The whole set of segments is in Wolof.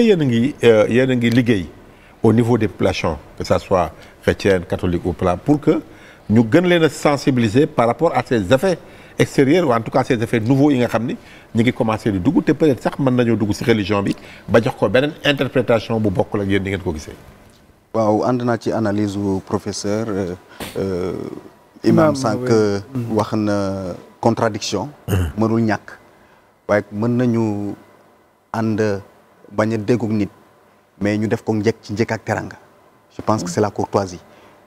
yéen a ngi euh, yéen a ngi liggéey au niveau des populations que ça soit chrétienne catholique ou plan pour que ñu gën leen a sensibiliser par rapport à ces effets extérieurs ou en tout cas ces effets nouveaux yi nga xam ni ñu ngi commencé di dugg te peut-être sax mën nañoo dugg ci religion bi ba jox ko beneen interprétation bu bokkul ak yéen ni ngeen ko gisee. waaw ànd naa ci analyse professeur euh, euh, imam sànq wax na contradiction mënul ñàkk waaye mën nañu ànd. bañ a déggoog nit mais ñu def ko njëkk ci njëkk ak teranga je pense que c'est la courtoisie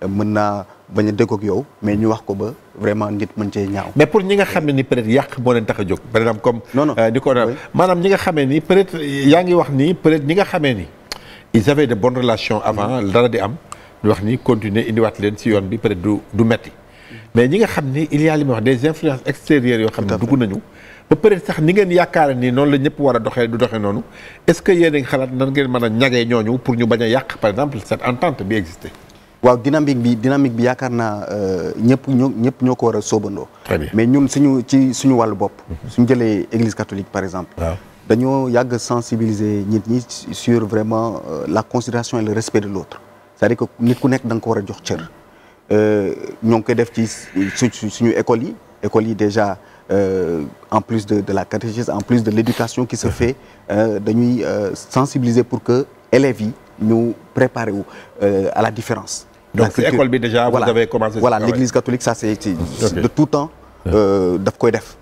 mën naa bañ a déggoog yow mais ñu wax ko ba vraiment nit mën cee ñaaw. mais pour ñi nga xam ne ni peut-être yàq moo tax a jóg par exemple comme. non non ni euh, ko ni peut-être yaa ngi wax ni peut-être ñi nga xamee ni. ils avaient de bonnes relations avant mm-hmm. am ñu wax ni continuer indiwaat leen si yoon bi peut-être du du metti mm-hmm. mais ñi nga xam il y li ma wax des influences extérieures yoo xam ne dugg nañu. ba pare sax ni ngeen yaakaar ni noonu la ñëpp war a doxee du doxee noonu est-ce que yéen a ngi xalaat nan ngeen mën a ñagee ñooñu pour ñu bañ a yàq par exemple cette entente bi existé. waaw dynamique bi dynamique bi yaakaar naa euh, ñëpp ñoo ñëpp ñoo ko war a soobandoo. mais ñun suñu ci suñu wàllu bopp. Mhm. suñu jëlee église catholique par exemple. dañoo yàgg sensibiliser nit ñi sur vraiment euh, la considération et le respect de l'autre c'est-à-dire que nit ku nekk da nga ko war a jox cër. Euh, ñoo ngi koy def ci suñu école yi école yi déjà. Euh, en plus de de la catéchèse en plus de l'éducation qui se fait euh, dañuy euh, sensibiliser pour que élèves yi ñu préparer wu euh, à la différence. donc bi déjà voilà, vous avez voilà l'église catholique ça c'est okay. de tout temps euh, daf koy def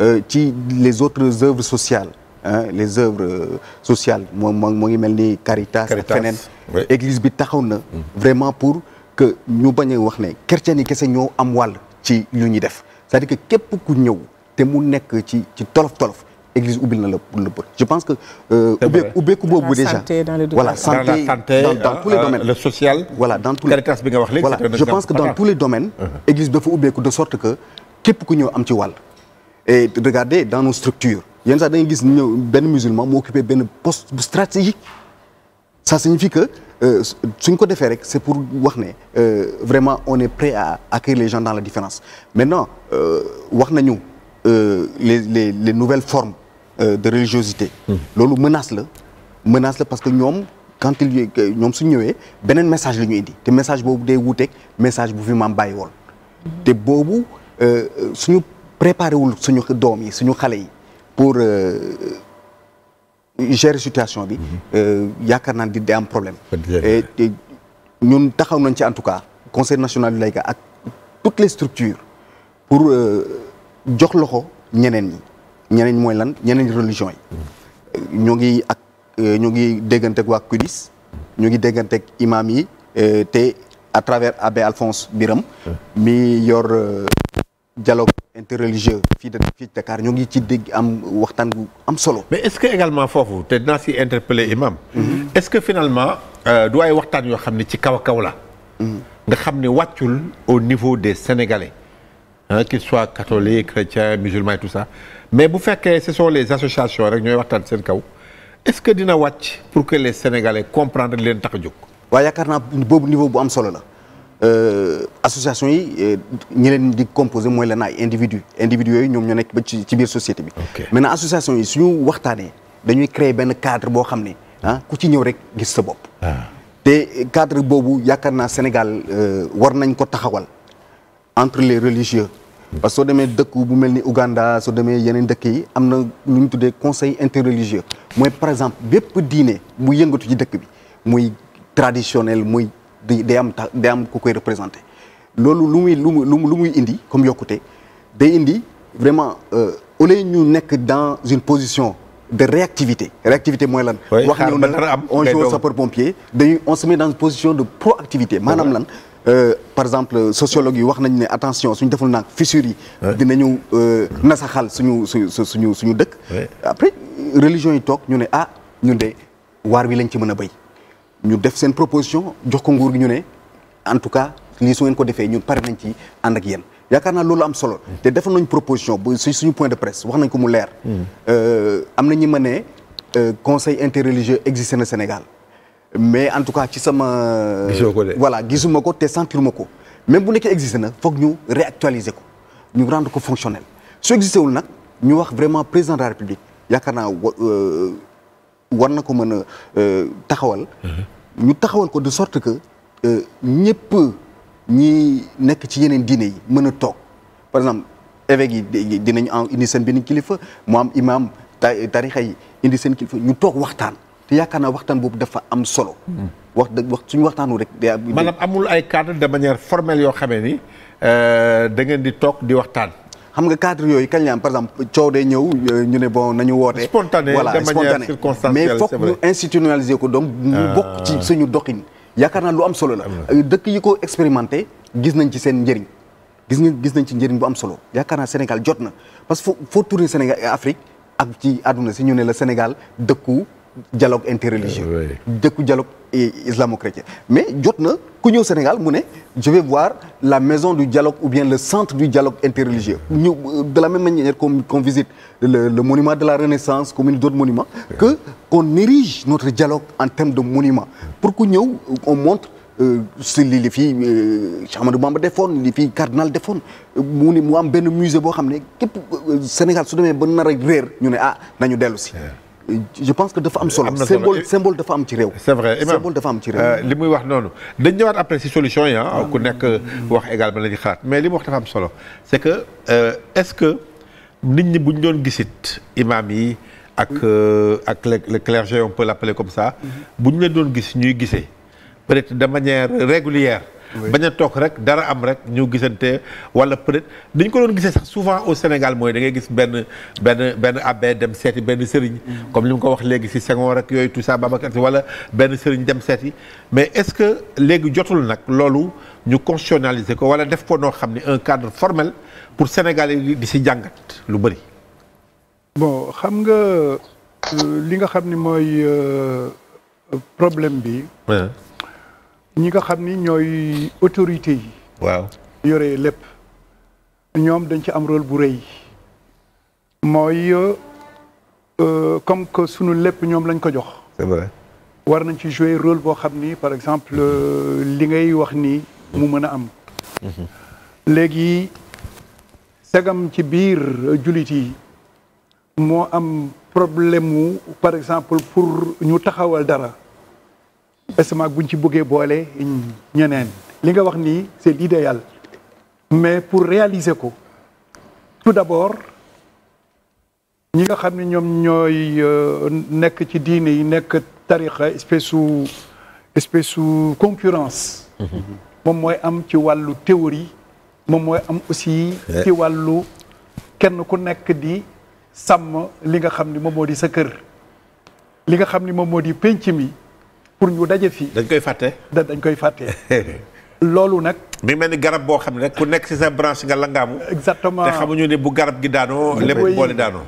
euh, ci les autres œuvres sociales. Hein, les œuvres sociales moom moo ngi mel ni Caritas. ak feneen église bi taxaw na. Mm. vraiment pour que ñu bañ a wax ne chrétiens yi kese ñoo am wàll ci lu ñuy def. c'est-à-dire que képp ku ñëw te mu nekk ci ci tolof tolof église ubbil na la la bët je pense que. Euh, ubbeeku ubbeeku boobu déjà voilà santé dans dans euh, euh, bi nga wax léegi voilà je pense que dans tous les domaines. Uh-huh. église bi dafa ubbeeku de sorte que képp ku ñëw am ci wàll. et regardez dans nos structures yenn sax da ngay gis ñëw benn musulman mu occupé benn poste stratégique. ça signifie que euh, suñ ko defee rek c'est pour wax ne euh, vraiment on est prêt à accueillir les gens dans la différence maintenant euh, wax nañu les les les nouvelles formes de religiosité hmm. loolu menace la menace la parce que ñoom quand il ñoom suñu ñëwee beneen message la ñu indi te message boobu day wuuteeg message bu fi maam bàyyi woon hmm. te boobu suñu préparé wul suñu doom yi suñu xale yi pour gérer situation bi. Mhm. Euh, yaakaar naa di day am problème. ñun taxaw nañ ci en tout cas conseil national du layga ak toutes les structures pour euh, jox loxo ñeneen ñi ñeneen mooy lan ñeneen religion yi. Mhm. Euh, ñoo ngi ak ñoo ngi dégganteeg waa Kudis mhm. ñu ngi dégganteeg imam yi te à travers abbé Alphonse Biram mi yor dialogue interreligieux fii de fii Dakar ñoo ngi ci dégg am waxtaan bu am solo. mais est-ce que également foofu te dinaa si interpeller imam. Mhm. est-ce que finalement euh, du ay waxtaan yoo xam ne ci kaw a kaw la. Mhm. nga xam ne wàccul au niveau des sénégalais. ah qu'ils soient catholiques chrétiens musulmans et tout ça mais bu fekkee ce sont les associations rek ñooy waxtaan seen kaw est-ce que dina wàcc pour que les sénégalais comprendre leen tax a jóg. waaw yaakaar naa boobu niveau bu am solo la. Euh, association yi euh, ñi leen di composé mooy leen ay individu individu yooyu ñoom ñoo nekk ba ci ci biir société bi. maintenant association yi suñu waxtaanee dañuy créer benn cadre boo xam ne ah ku ci ñëw rek gis sa bopp. Ah. te cadre boobu yaakaar naa Sénégal euh, war nañ ko taxawal entre les religieux. parce que demee dëkk bu mel ni Ouganda soo demee yeneen dëkk yi am na lu ñu tuddee conseil interreligieux mooy par exemple bépp diine bu yëngatu ci dëkk bi muy traditionnel muy. di day am tax day am ku koy représenté loolu lu muy lu muy lu muy indi comme yokkute day indi vraiment euh, au lieu ñu nekk dans une position de réactivité réactivité mooy lan wax ñëw na on joue sapeur pompier on se met position de proactivité maanaam lan euh, par exemple sociologue yi wax nañ ne attention suñu deful naag fissures yi dinañu euh, nasaxal suñu suñu suñu suñu dëkk après religion yi toog ñu ne ah ñun de waar wi lañ ci mën a béy ñu def seen proposition jox ko nguur gi ñu ne en tout cas lii su ngeen ko defee ñun pare nañ ci ànd ak yéen yaakaar naa loolu am solo te def nañ proposition bu suñu point de presse wax nañ ko mu leer. Euh, am na ñi ma ne euh, conseil interreligieux existe na Sénégal mais en tout cas ci sama. gisoo ko voilà gisuma ko te sentiruma ko même bu nekkee existe na foog ñu réactualiser ko ñu rendre ko fonctionnel su existé wul nag ñu wax vraiment président de la république yaakaar euh, war na ko mën a euh, taxawal mm-hmm. ñu taxawal ko de sorte que euh, ñëpp ñi nekk ci yeneen diine yi mën a toog par exemple évêques yi dinañu indi seen benn kilifa mu am imam tarixa yi indi seen kilifa ñu toog waxtaan te yaakaar naa waxtaan boobu dafa am solo mm-hmm. wax dëgg wax suñu waxtaanu rek maanaam amul ay cadre de manière yoo xamee ni euh, da ngeen di toog di waxtaan xam nga cadre yooyu kañ la am par exemple coow day ñëw euh, ñu ne bon nañu woote. spontané voilà spontané mais foog ñu institutionnaliser ko donc. mu ah. bokk ci suñu doxin. yaakaar naa lu am solo la. Euh, dëkk yi ko expérimenté gis nañ ci seen njëriñ. gis nga gis nañ ci njëriñ bu am solo yaakaar naa Sénégal jot na parce que foo foo tourner Sénégal Afrique ak ci àdduna si ñu ne la Sénégal dëkku. dialogue interreligieux dëkku dialogue islamo-chrétien mais jot na ku ñëw Sénégal mu ne je vais voir la maison du dialogue ou bien le centre du dialogue interreligieux ñu de la même manière qu'on qu'on visite le, le monument de la Renaissance comme d'autres monuments que qu'on érige notre dialogue en termes de monument pour ku ñëw on montre euh, si li li fii euh, Cheikh Ahmadou Bamba defoon li fii cardinal defoon mu ne mu am benn musée boo xam ne képp euh, Sénégal su demee ba nar a réer ñu ne ah nañu dellu si Euh, je pense que dafa am euh, solo symbole symbole dafa am ci réew. c'est vrai imam symbole dafa am ci réew. Euh, li muy wax noonu dañ ñëwaat après si solution yi ah, ku nekk wax également la ci xalaat mais li mu wax dafa am solo c'est que est-ce que nit ñi bu ñu doon gisit imam yi ak ak le clergé on peut l'appeler comme ça bu ñu la doon gis ñuy gisee peut-être de manière régulière. bañ a toog rek dara am rek ñu gisante wala peut-être dañ ko doon gisee sax souvent au Sénégal mooy dangay gis benn benn benn abbé dem seeti benn sëriñ. Mm. comme li mu ko wax léegi si Senghor rek yooyu tout ça Babacar wala benn sëriñ dem seeti mais est-ce que léegi jotul nag loolu ñu constitutionnaliser ko wala def ko noo xam ne un cadre formel pour Sénégalais yi di si jàngat lu bëri. bon xam nga euh, li nga xam ni mooy euh, problème bi. ñi nga xam ni ñooy autorité yi. waaw yore lépp. ñoom dañ ci am rôle bu rëy. mooy euh, euh, comme que sunu lépp ñoom lañ ko jox. war nañ ci jouer rôle boo xam ni par exemple euh, li ngay wax nii mu mën a am. Mhm. léegi segam ci biir jullit yi moo am problème mu par exemple pour ñu taxawal dara. estomac buñ ci bëggee boole ñeneen li nga wax nii c'est l'idéal mais pour réaliser ko tout d'abord ñi nga xam ne ñoom ñooy euh, nekk ci diine yi nekk tarixa espèce su espèce su concurrence mm-hmm. moom mooy am ci wàllu théorie moom mooy am aussi ci eh. wàllu kenn ku nekk di sàmm li nga xam ni moom moo di sa kër li nga xam ni moom moo di pénc mi pour ñu daje fii. dañ koy fàtte. dañ koy fàtte. loolu nag. mi mel ni garab boo xam ne rek ku nekk ci sa branche nga langaamu. exactement te xamuñu ne bu garab gi daanoo. lépp boole daanoo.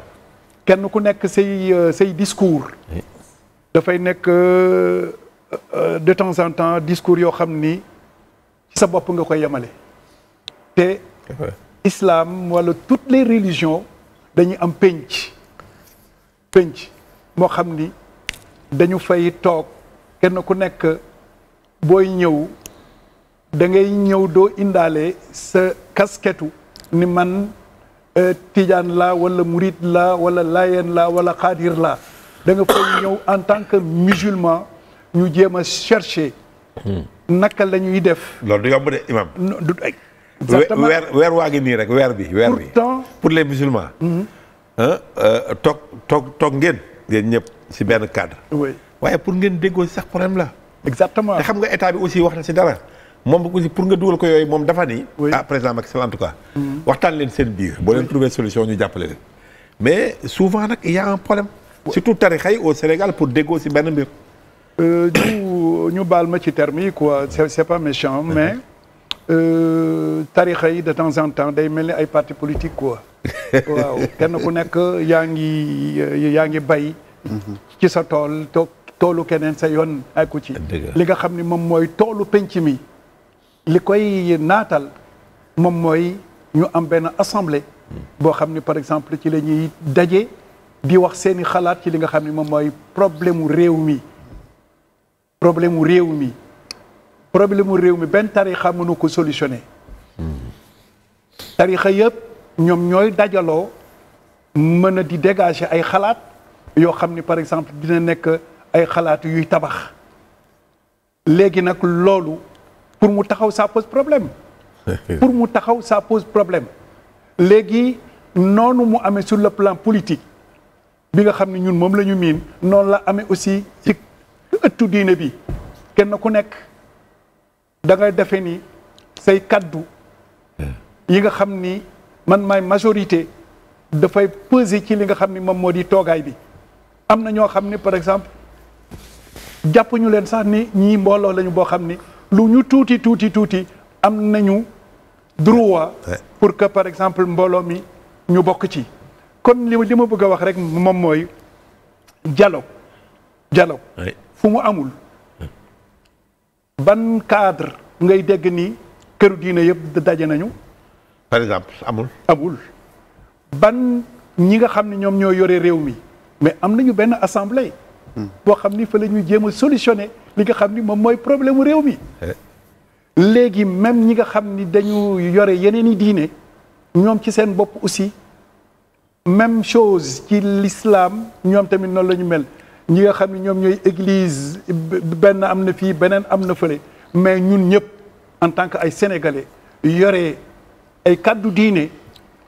kenn ku nekk say euh, say discours. dafay nekk euh, euh, de temps en temps discours yoo xam ni ci sa bopp nga koy yemale. te islaam wala toutes les religions dañuy am pénc pénc moo xam ni dañu fay toog. kenn ku nekk booy ñëw da ngay ñëw doo indaale sa kasketu ni man euh, tijaan la wala murit la wala layen la wala xaadir la danga fay ñëw en tant que musulman ñu jéem a chercher hmm. naka la ñuy def loolu du yomb de imam weer weer waa ngi nii rek weer bi weer bi pourtant pour les musulmans hmm. euh, toog toog ngeen ngeen ñëpp si benn cadre waaye pour ngeen déggoo si sax problème la. exactement te xam nga état bi aussi wax na si dara moom aussi pour nga dugal ko yooyu moom dafa ni. ah président Macky Sall en tout cas. Mm-hmm. waxtaan leen seen biir. boo leen trouver solution ñu jàppale leen. mais souvent nag a un problème. surtout tarixa yi au Sénégal pour déggoo si benn mbir. Euh, ñu ñu baal ma ci terme yi quoi c'est c'est pas méchant uh-huh. mais. Euh, tarixa yi de temps en temps day mel ni ay parti politique quoi waaw kenn ku nekk yaa ngi yaa ngi bay mm-hmm. ci sa tool toog toolu keneen sa yoon nekku ci li nga xam ni moom mooy toolu penc mi li koy naatal moom mooy ñu am benn assemblée boo xam ni par exemple ci la ñuy daje di wax seeni xalaat ci li nga xam ni moom mooy problème mu réew mi problème mu réew mi problème mu réew mi benn tarixa mënu ko solutionné tarixa yëpp ñoom ñooy dajaloo mën a di dégager ay xalaat yoo xam ni par exemple dina nekk ay xalaat yuy tabax léegi nag loolu pour mu taxaw ça pose problème pour mu taxaw ça pose problème léegi noonu mu amee sur le plan politique bi nga xam ne ñun moom la ñu miin noonu la amee aussi ci ëttu diine bi kenn ku nekk da ngay defe ni say kaddu yi nga xam ni man may majorité dafay peser ci li nga xam ni moom moo di toogaay bi am na ñoo xam ne par exemple jàpp ñu leen sax ni ñii mbooloo lañu boo xam ni lu ñu tuuti tuuti tuuti am nañu droit. pour que par exemple mbooloo mi ñu bokk ci. kon li li ma bëgg a wax rek moom mooy dialogue. dialogue fu mu amul. ban cadre ngay dégg nii këru diine yëpp daje nañu. par exemple amul. amul ban ñi nga xam ne ñoom ñoo yore réew mi mais am nañu benn assemblée. boo xam ni fa la ñuy jéem a solutionné li nga xam ni moom mooy problème mu réew mi. léegi même ñi nga xam ni dañu yore yeneen i diine ñoom ci seen bopp aussi même chose ci lislaam ñoom tamit noonu lañu mel ñi nga xam ni ñoom ñooy église benn am na fii beneen am na fële mais ñun ñëpp en tant que ay sénégalais yore ay kàddu diine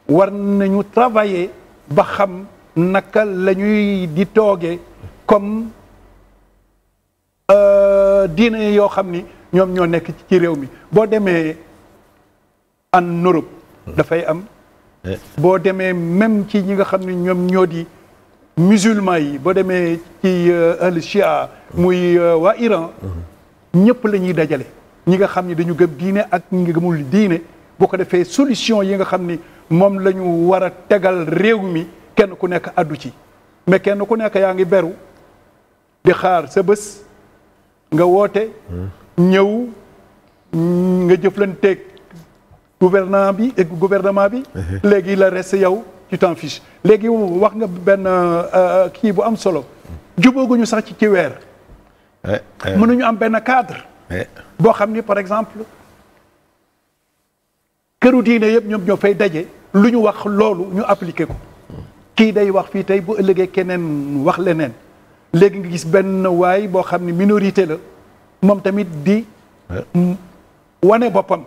war nañu travailler ba xam naka la ñuy di toogee. comme euh, diine yoo xam ni ñoom ñoo nekk ci réew mi boo demee en Europe dafay am eh. boo demee même ci ñi nga xam ne ñoom ñoo di musulman yi boo demee ci euh, al chia muy euh, waa Iran mm-hmm. ñëpp la ñuy dajale ñi nga xam ni dañu gëm diine ak ñi nga gëmul diine boo ko defee solution yi nga xam ni moom la ñu war a tegal réew mi kenn ku nekk addu ci mais kenn ku nekk yaa ngi beru di xaar sa bés nga woote ñëw nga jëflanteeg gouvernement bi et gouvernement bi léegi la reste yow tu t'en léegi wax nga benn euh, euh, kii bu am solo jubóoguñu sax ci ci weer eh, eh. mënuñu am benn cadre eh. boo xam ni par exemple këru diine yëpp ñoom ñoo fay daje lu ñu wax loolu ñu appliqué ko mm. kii day wax fii tey bu ëllëgee keneen wax leneen léegi nga gis benn waay boo xam ne minorité la moom tamit di wane boppam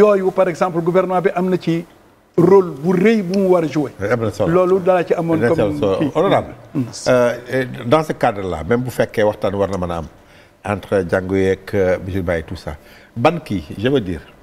yooyu par exemple gouvernement bi am na ci rôle bu rëy bu mu war a jouer eh, loolu dala ci amoon comme honorable mm. euh, dans ce cadre là même bu fekkee waxtaan war na mën a am entre jàngu yeeg euh, musulman yi tout ça ban kii je veux